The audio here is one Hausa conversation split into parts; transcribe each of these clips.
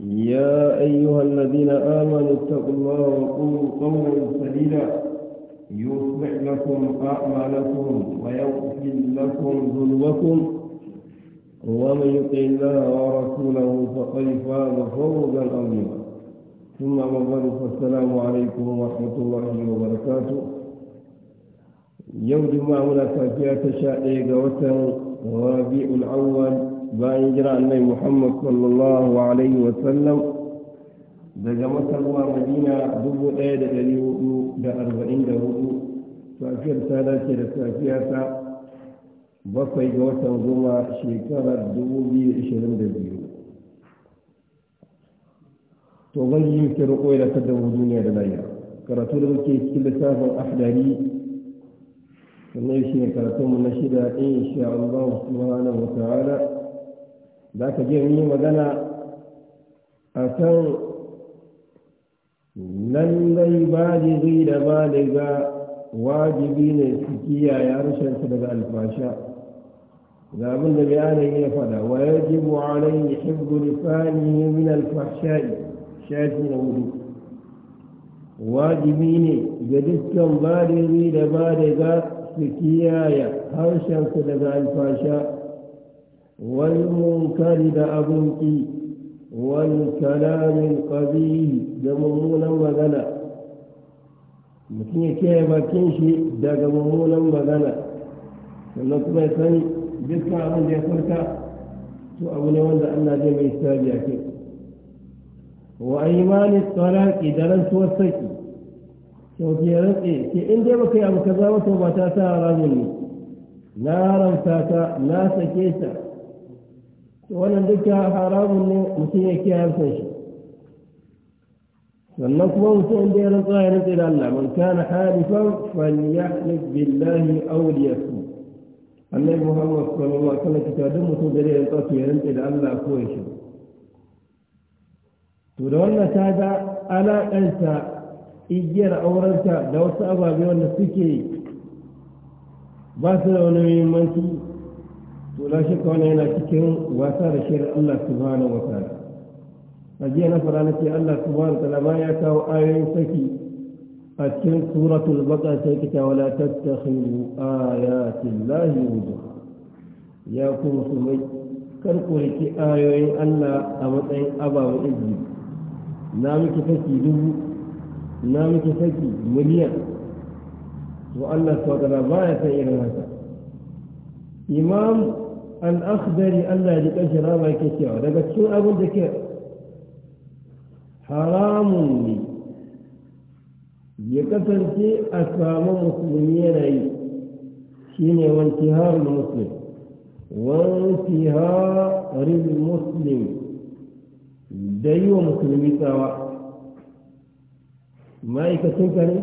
يا أيها الذين آمنوا اتقوا الله وقولوا قولا سديدا يصلح لكم أعمالكم ويغفر لكم ذنوبكم ومن يطع الله ورسوله فقد فاز فوزا عظيما ثم أما بعد فالسلام عليكم ورحمة الله وبركاته يوم جمعة تشاء إيجا وتن ربيع الأول bayan jira annabi muhammad sallallahu alaihi wasallam daga masar madina dubu ɗaya da ɗari hudu da arba'in da hudu safiyar ta dace da safiya ta bakwai ga watan goma shekarar dubu biyu da ishirin da biyu to ban yi ta roƙo da ta dawo duniya da layya karatu da muke cikin lissafin ahdari sannan shi ne karatunmu na shida insha Allah subhanahu wa ta'ala za ka je yi magana a kan lallai baligi da ba daga wajibi ne su kiyaye harshensu daga alfasha ga abin da bayanin ya fada wa ya ji bu'alai ya hibbu lisanihi min alfashai shafi na hudu wajibi ne ga dukkan ba da ba daga su kiyaye harshensu daga alfasha والمنكر da أبنكي والكلام القبيح دا ممونا مغنى mutum ya kiyaye bakin shi daga mummunan magana sannan kuma ya sani dukkan abin da ya furta to abu ne wanda Allah zai mai hisabi a kai wa aymani talaqi da rantsuwar saki sau ke rantse sai in dai baka yi abu kaza ba to ba ta sa haramun ne na haramta ta na sake ta wannan duka haramun ne mutum ya kiyaye shi sannan kuma mutum da ya rantsa ya rantsa da Allah man kana halifan falyahlif billahi aw annabi muhammad sallallahu alaihi wasallam ta duk mutum da ya rantsa ya rantsa da Allah ko ya shi to da wannan ta ga alaƙanta igiyar aurenta da wasu ababe wanda suke ba su da wani muhimmanci to la shakka wannan yana cikin wasa da shirin Allah subhanahu wa ta'ala a jiya na fara na ce Allah subhanahu wa ta'ala ya kawo ayoyin saki a cikin suratul baqa sai kita wala tattakhidu ayati llahi wudu ya ku musulmai kar ku riki ayoyin Allah a matsayin abawa izini na miki saki dubu na miki saki miliyan to Allah subhanahu wa ta'ala ya san irin haka imam al'akhdari Allah ya rika shi rama yake cewa daga cikin abin da ke haramun ne ya kasance a samu musulmi yana yi shi ne wanki harin musulmi wanki harin musulmi da yi wa musulmi tsawa ka ne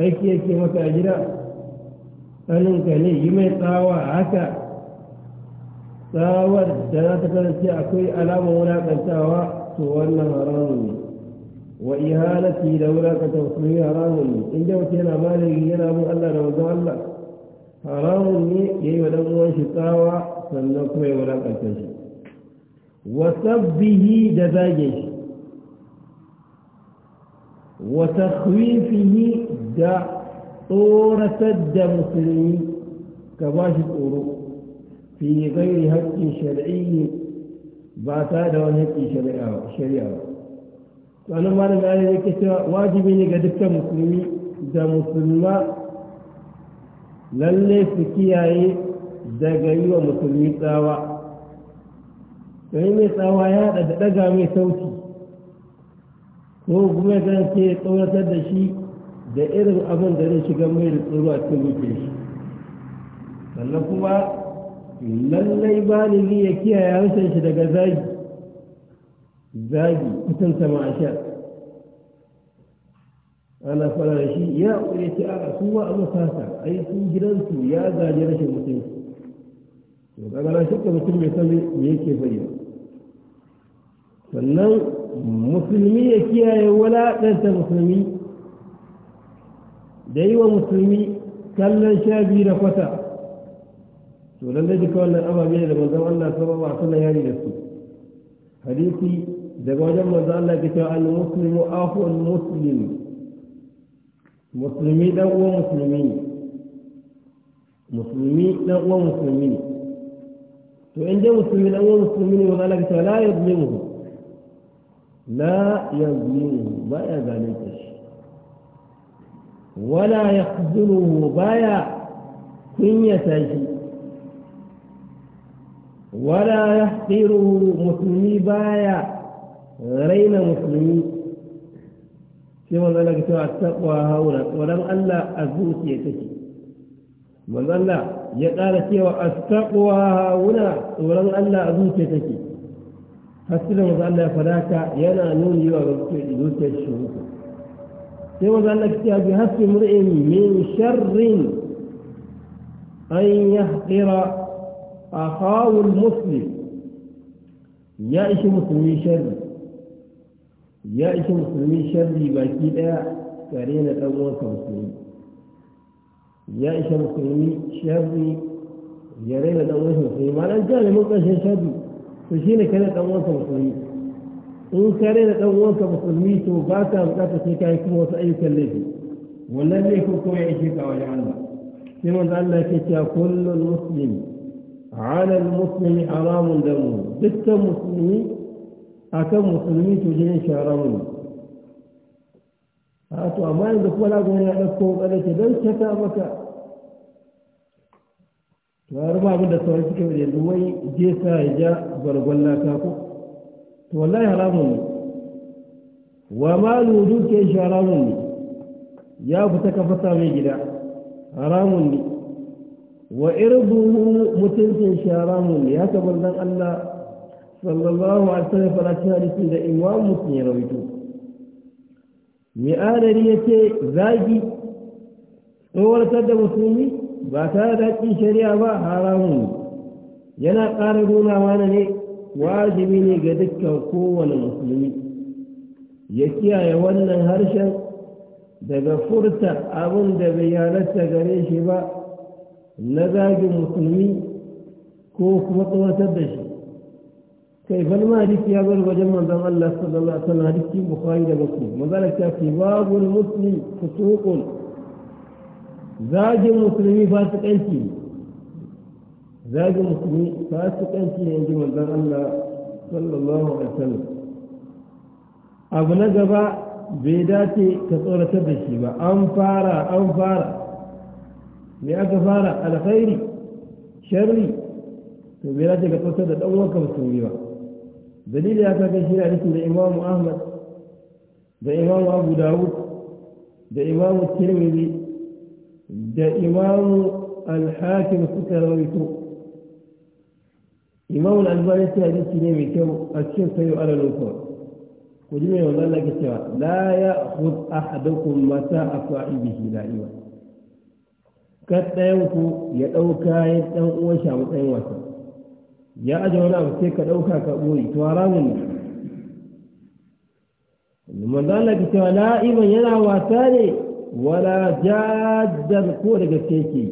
aiki yake maka a gida ɗaninka ne yi mai tsawa haka tsawar da za ta kasance akwai alama wulaƙantawa to wannan haramun ne wa ihalati da wulaƙanta yi haramun ne in mutum yana malami yana bin Allah da wanzu Allah haramun ne ya yi wa ɗan shi tsawa sannan kuma ya wulaƙanta shi wa sabbihi da zage shi wa takhwifihi da tsoratar da musulmi ka ba shi tsoro fi gairi haƙƙin shari'i ba ta da wani haƙƙin shari'a ba Wani malam da ya ke cewa wajibi ne ga dukkan musulmi da musulma lalle su kiyaye daga yi wa musulmi tsawa sai mai tsawa ya haɗa da ɗaga mai sauti ko kuma zan ke tsoratar da shi da irin abin da zai shiga mai da tsoro a cikin shi sannan kuma lallai baligi ya kiyaye harshen shi daga zagi zagi kusan sama a sha ana fara da shi ya ƙure ce a su wa abu sasa ai su gidansu ya zaje rashin mutum to kaga na shakka mutum mai san me yake bari sannan musulmi ya kiyaye walaɗanta musulmi da yi wa musulmi kallon sha biyu da kwata to lallai duka wannan ababe ne da manzon Allah sallallahu alaihi wasallam ya yi da su hadisi daga wajen manzon Allah ke cewa al-muslimu al muslim musulmi dan uwan musulmi musulmi dan uwan musulmi ne to in dai musulmi dan uwan musulmi ne manzon Allah ke cewa la yuzlimuhu la yuzlimuhu ba ya zalunta shi wala yakhzuluhu baya kunyata shi wala yahqiru musulmi baya raina musulmi sai manzo Allah ya ce attaqwa hauna tsoron Allah a zuciya take manzo Allah ya ƙara cewa attaqwa hauna tsoron Allah a zuciya take hasila manzo Allah ya fadaka yana nuni wa zuciyar shi sai manzo Allah ya ce bi hasbi mur'in min sharrin an yahqira أخاه المسلم ya ishi musulmi sharri ya ishi musulmi sharri baki daya tare na dan musulmi ya ishi musulmi sharri ya raina dan uwansa musulmi malan jami mun kashe sharri to shine kana dan uwansa musulmi in ka raina dan musulmi to ba ka bukata sai kai kuma wasu ayyukan laifi wannan laifin ko ya ka wajen sai manzo Allah yake cewa alal musulmi haramun damu dukkan musulmi a musulmi to jini shi haramun a to amma yanzu kuma na gani ya ɗauko ƙarfi don cata maka to ya rubu abin da sauran suke wajen wai je sa ya ja gwargwar laka ko to wallahi haramun ne wa ma lulu ke shi haramun ne ya fita kafa sami gida haramun ne wa irduhu mutuncin shi haramun ya haka manzon Allah sallallahu alaihi wasallam fara hadisin da imam muslim ya rawaito mi'adari ya ce zagi tsowartar da musulmi ba tare da haƙƙin shari'a ba haramun yana ƙara nuna mana ne wajibi ne ga dukkan kowane musulmi ya kiyaye wannan harshen daga furta abin da bai halatta gare shi ba na zagin musulmi ko kuma tsawatar da shi kai falma hadisi ya bar wajen manzon Allah sallallahu alaihi wasallam hadisi bukhari da muslim manzon ta ce babu muslim fusuqun zagin musulmi fasikanci zagin musulmi fasikanci ne inji manzon Allah sallallahu alaihi wasallam abu na gaba bai dace ka tsoratar da shi ba an fara an fara ليأكفارا على خيري شري فبيراتك قصد الأولك بسوريبا دليل يا كشير عليكم لإمام أحمد لإمام أبو داود لإمام الترمذي لإمام الحاكم سكر ويتو إمام الألبان يسير عليكم أشير سيو على الوصول قدمي والله لك لا يأخذ أحدكم متاع صاحبه لا إمام Kad'a ɗayan ku ya ɗauka ya ɗan uwan shi a matsayin wasa ya aje wani abu sai ka ɗauka ka ɓoye to haramun ne manzo Allah ki cewa la'iban yana wasa ne wala jaddan ko da gaske ke.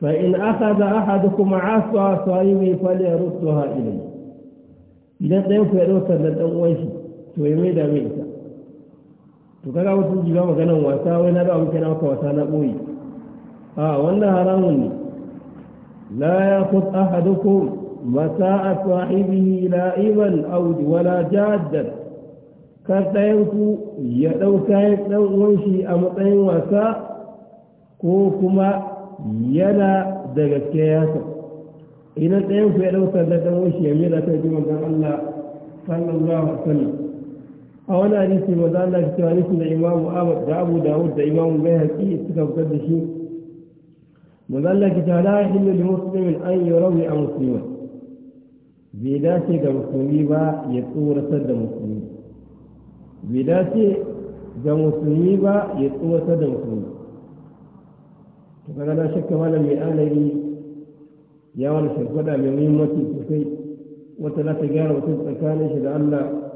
fa in akhadha ahadukum asa sa'ibi falyaruddaha ilayhi idan ɗayan ku ya ɗauka da ɗan uwan shi to ya mai da mai ita to kaga wasu ji ba maganan wasa wai na da abu kana maka wasa na boye a wannan haramun ne la yaqut ahadukum masa'a sahibihi la'iban aw wala jaddan kar ku ya ɗau kayan ɗan uwanshi a matsayin wasa ko kuma yana da gaske yasa idan ku ya ɗau da ɗan shi ya mira ta ji manzon Allah sallallahu alaihi wasallam a wani hadisi ma za Allah cewa hadisi da imamu Ahmad da Abu Dawud da imamu Bayhaqi suka fitar da shi ma za Allah cewa la yahillu li muslimin an rauni a musliman bai dace ga musulmi ba ya tsoratar da musulmi bai dace ga musulmi ba ya tsoratar da musulmi to kaga na shakka malam mai alari ya wani shirkwada mai muhimmanci sosai wata za ta gyara mutum tsakanin shi da Allah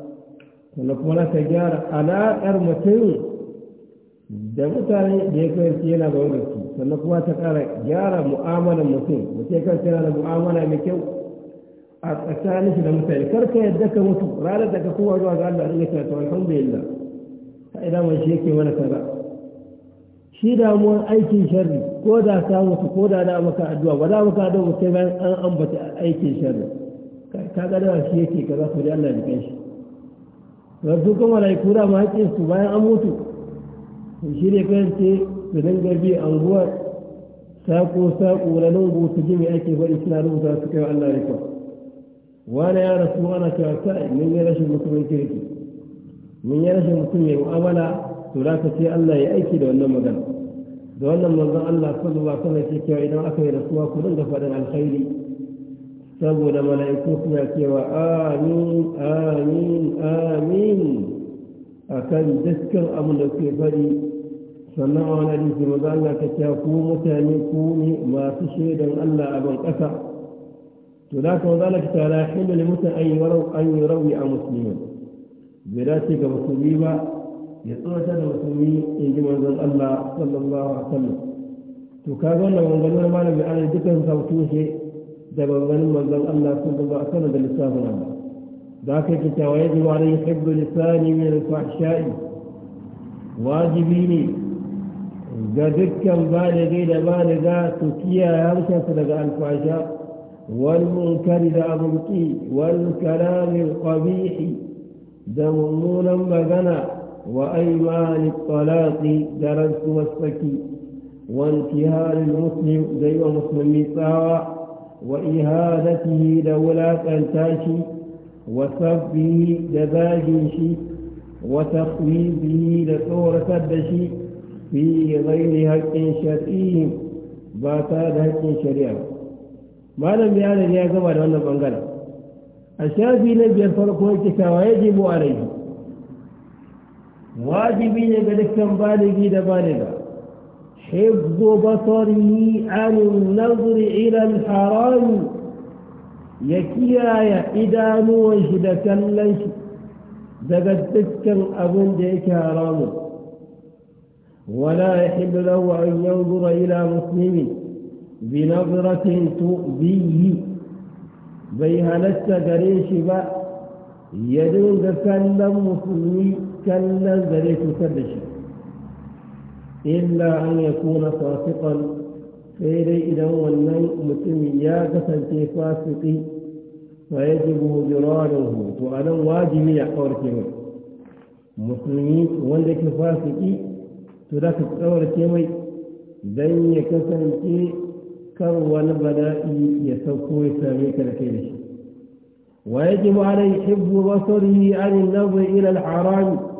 sannan kuma na ka gyara alaƙar mutum da mutane da ya kasance yana ga da sannan kuma ta ƙara gyara mu'amalar mutum da ke kasance yana da mu'amala mai kyau a tsakanin shi da mutane kar ka yadda ka mutu ranar da ka kowa zuwa ga Allah ɗin ya kasance bayyana ka ina mai shi yake mana kaza shi damuwar aikin sharri ko da ka mutu ko da na maka addu'a ba za mu addu'a ba sai an ambata aikin sharri ka ga da shi yake kaza ko da Allah ya kai shi ga su kuma laiku da ma haƙƙin su bayan an mutu shi ne kan ce su dinga a unguwar sako sako na lungu su ji mai ake faɗi suna rubuta su kai Allah rikon wani ya rasu ana cewa sa'i mun yi rashin mutumin kirki mun yi rashin mutum mai mu'amala to za ka ce Allah ya aiki da wannan magana da wannan manzon Allah sallallahu alaihi wasallam ce cewa idan aka yi rasuwa ku dinga faɗin alkhairi saboda mala'iku suna cewa amin amin amin a kan dukkan abin da ke faɗi sannan a wani hadisi maza Allah ta cewa ku mutane ku ne masu shaidan Allah abin ƙasa to da ka za a ta tara, hilu ne mutum an yi rauni a musulmi bai dace ga musulmi ba ya tsorata da musulmi in ji manzon Allah sallallahu alaihi wasallam to kaga wannan wangalar malamin ana dukkan sautu shi da maganganun manzon Allah sallallahu alaihi wasallam da lissafin Allah da aka yi cewa yaji wa alayhi hibbu lisani min al-fahsha'i wajibi ne ga dukkan baligi da baliga su kiyaye harshensu daga alfasha wal munkari da abunki wal kalamin qabihi da mummunan magana wa aimani talaqi da rantsuwar saki wa intihar muslim da yi wa musulmi tsawa وإهادته لولا قلتاش وصفه دزاجيشي وتقويبه لصورة الدشي في غير حق شرعي باتاد حق شريعة ما لم يعلم يا جماعة وانا بنغلا الشافي لم الفرق ويكتا ويجب عليه واجبين قد كان بالغي دبالغا حفظ بصره عن النظر إلى الحرام يكي آية إذا موجد كلش دقتك أبن ديك حرام ولا يحل له أن ينظر إلى مسلم بنظرة تؤذيه بيها لست قريش بأ يدون كلا مسلمي كلم ذريت سبشي إلا أن يكون فاسقا فإذا إذا هو المن متم يا كسنتي فاسقي فيجب جراره وأنا واجبي يحور كيما مسلمين وندك فاسقي تدك تصور كيما دن يكسنتي كر بلائي يسوكو يساميك لكيلش ويجب عليه حفظ بصره عن النظر إلى الحرام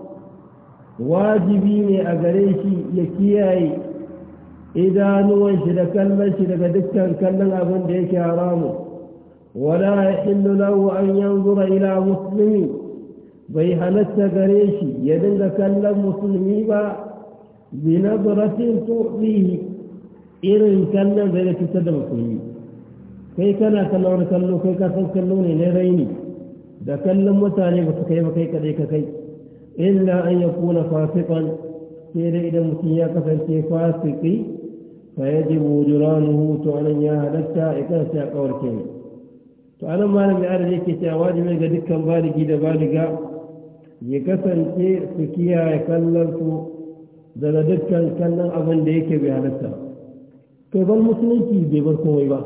wajibi ne a gare shi ya kiyaye idanuwan shi da kallon shi daga dukkan kallon abin da yake haramu wala ya illu lahu an yanzura ila muslimi bai halatta gare shi ya dinga kallon musulmi ba bi nazaratin bi irin kallon zai da cutar da musulmi kai kana kallon kallo kai ka san kallo ne na raini da kallon mutane ba su kai ba kai kadai ka kai illa an ya yakuna fasikan sai dai idan mutum ya kasance fasiki fa yajibu jiranuhu to anan ya halatta idan sai a kawarce ne to anan malami adadi yake cewa wajibi ga dukkan baligi da baliga ya kasance su kiyaye kallon su daga dukkan kallon abin da yake bai halatta kai ban musulunci bai bar komai ba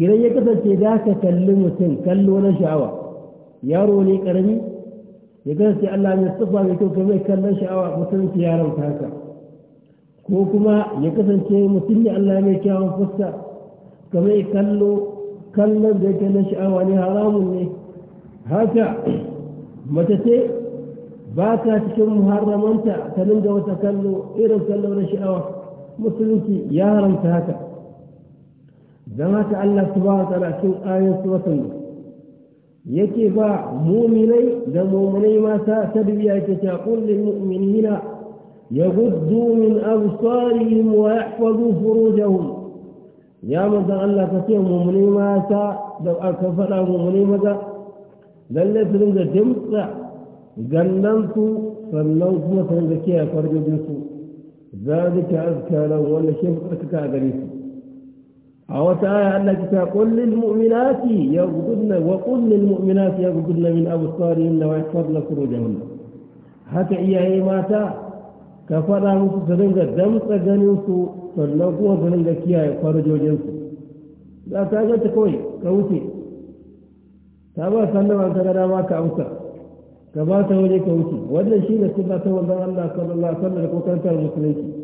idan ya kasance da ka kalli mutum kallo na sha'awa yaro ne karami ya gan sai Allah ya tsufa mai kyau kamar kallon sha'awa mutum ya rauta haka ko kuma ya kasance mutum ne Allah mai kyawun fuska kamar kallo kallon da yake na sha'awa ne haramun ne haka mace ce ba ta cikin muharramanta ta dinga wata kallo irin kallo na sha'awa musulunci ya haramta haka don haka Allah su ba wa cin cikin ayoyin suratul yake ba muminai da muminai mata tarbiya yake ta kullin mu'minina من أبصارهم ويحفظوا فروجهم يا مزا الله كثير مؤمنين ما سا لو أكفر مؤمنين مزا للي تنجا جمسا جننت فلنوكم تنجا كي أفرج جنسو ذلك أذكى لهم ولا شيء أذكى أغريسو a wata aya Allah ke cewa qul lil mu'minati yaghdudna wa qul lil mu'minati yaghdudna min absarihim wa yahfazna furujahunna haka iyaye mata ka fada musu su dinga damtsa ganin su sannan kuma su dinga kiyaye farjojin su za ta ga ta kawai ka wuce ta ba sallama ta ga dama ka amsa ka ba ta waje ka wuce wannan shine sunna ta wannan Allah sallallahu alaihi wasallam ko kantar musulunci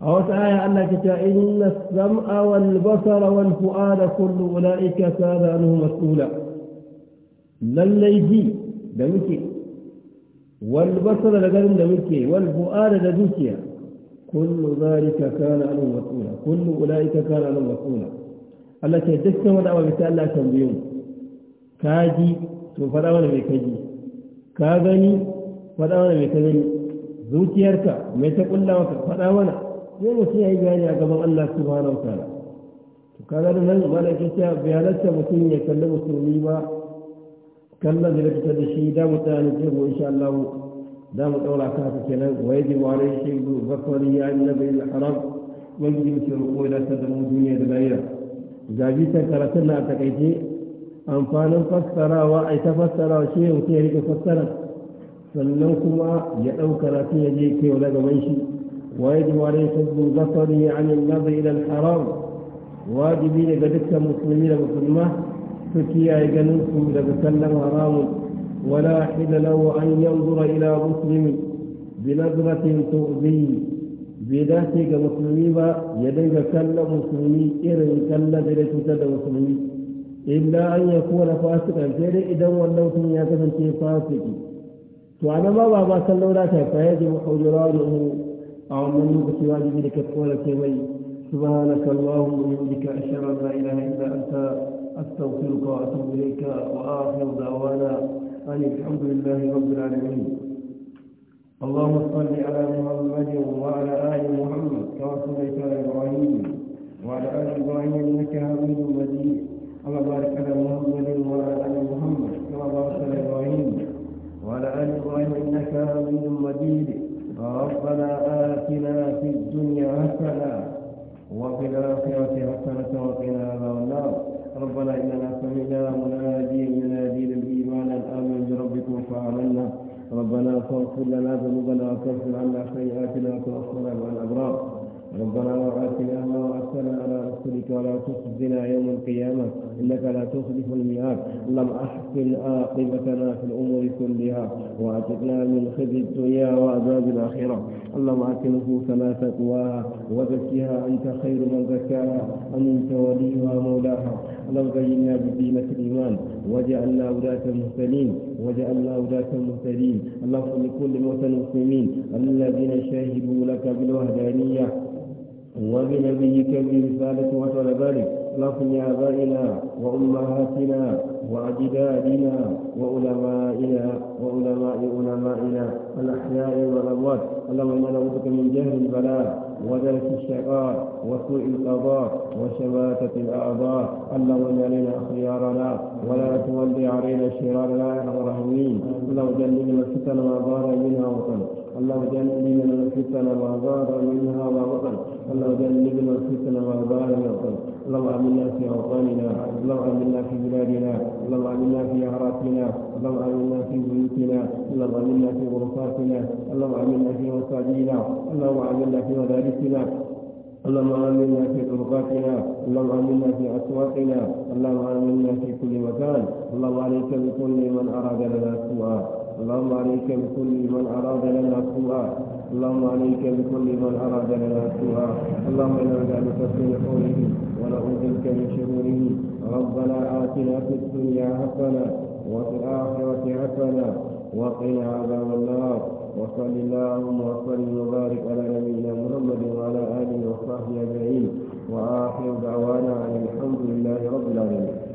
a wata aya Allah ke ta inna sam'a wal basara wal fu'ada kullu ulaika kana anhu mas'ula lallai ji da muke wal basara da garin da muke wal fu'ada da dukiya kullu zalika kana anhu mas'ula kullu ulaika kana anhu mas'ula Allah ke dukkan wani abu bisa Allah tambaye mu kaji to faɗa mana mai kaji ka gani faɗa mana mai ka gani zuciyarka mai ta ƙulla maka faɗa mana sai ya yi bayani a gaban Allah subhanahu wa ta'ala to kaga da nan mana ke bayanarsa mutum ya kalli musulmi ba kallon da fita da shi da mutane tsaya mu insha Allah da mu daura ka ta kenan wa yaji wa shi shi bakwari ya annabi al-haram wa mu tsoro da ta da duniya da lahira ga bisan karatun na takaice amfanin fassarawa ai ta fassarawa shi mutum ya rike fassara sannan kuma ya ɗauka karatun ya je kewa na gaban shi ويجب عليه فضل بصره عن يعني النظر إلى الحرام واجبين بدك مسلمين مسلمة فكيا اذا لبسلم حرام ولا حل له أن ينظر إلى مسلم بنظرة تؤذيه بذاتك مسلمين با يدي مسلمين مسلمي إرن كلا ذلك تدى مسلمي إلا أن يكون فاسقا غير إذا ولو سمي فاسق. فاسقي انا ما بابا صلوا لا فيجب حجرانه أو من نبت واجبينك قولك وي سبحانك اللهم وبحمدك أشهد لا إله إلا أنت أستغفرك وأتوب إليك وآخر دعوانا أن الحمد لله رب العالمين اللهم صل على محمد وعلى آل محمد كما صليت على إبراهيم وعلى آل إبراهيم إنك حميد مجيد اللهم بارك على محمد وعلى آل محمد كما باركت على إبراهيم وعلى آل إبراهيم إنك حميد مجيد ربنا آتنا في الدنيا حسنة وفي الآخرة حسنة وقنا عذاب النار ربنا إننا سمعنا مناديا ينادي للإيمان أن بربكم فآمنا ربنا فاغفر لنا ذنوبنا وكفر عنا سيئاتنا وتوفنا مع الأبرار ربنا لا تؤاخذنا ما وعدتنا على رسلك ولا تخزنا يوم القيامة إنك لا تخلف الميعاد اللهم أحسن عاقبتنا في الأمور كلها وأتقنا من خزي الدنيا وعذاب الآخرة اللهم آت نفوسنا تقواها وزكها أنت خير من زكاها أنت وليها مولاها اللهم زينا بدينة الإيمان وجعلنا ولاة المهتدين وجعلنا ولاة المهتدين اللهم لكل موتى المسلمين الذين شهدوا لك بالوحدانية وبنبيك برسالة وصل ذلك لكم آبائنا وأمهاتنا وأجدادنا وعلمائنا وعلماء علمائنا الأحياء والأموات اللهم إنا نعوذ من جهل البلاء ودرك الشقاء وسوء القضاء وشماتة الأعضاء اللهم إن علينا خيارنا ولا تولي علينا شرارنا يا أرحم الراحمين اللهم جنبنا الفتن ما ظهر منها وطن اللهم جنبنا الفتن ما ظهر منها وبطن اللهم جنبنا الفتن ما ظهر وبطن اللهم امنا في اوطاننا اللهم امنا في بلادنا اللهم امنا في اعراقنا اللهم امنا في بيوتنا اللهم امنا في غرفاتنا اللهم امنا في مساجدنا اللهم امنا في مدارسنا اللهم آمنا في طرقاتنا اللهم آمنا في أسواقنا اللهم آمنا في كل مكان اللهم عليك بكل من أراد لنا سوءا اللهم عليك بكل من أراد لنا سوءا اللهم عليك بكل من أراد لنا سوءا اللهم إنا نسألك من قوله ونعوذ بك من شروره ربنا آتنا في الدنيا حسنة وفي الآخرة حسنة وقنا عذاب النار وصل اللهم وسلم وبارك على نبينا محمد وعلى آله وصحبه أجمعين وآخر دعوانا أن الحمد لله رب العالمين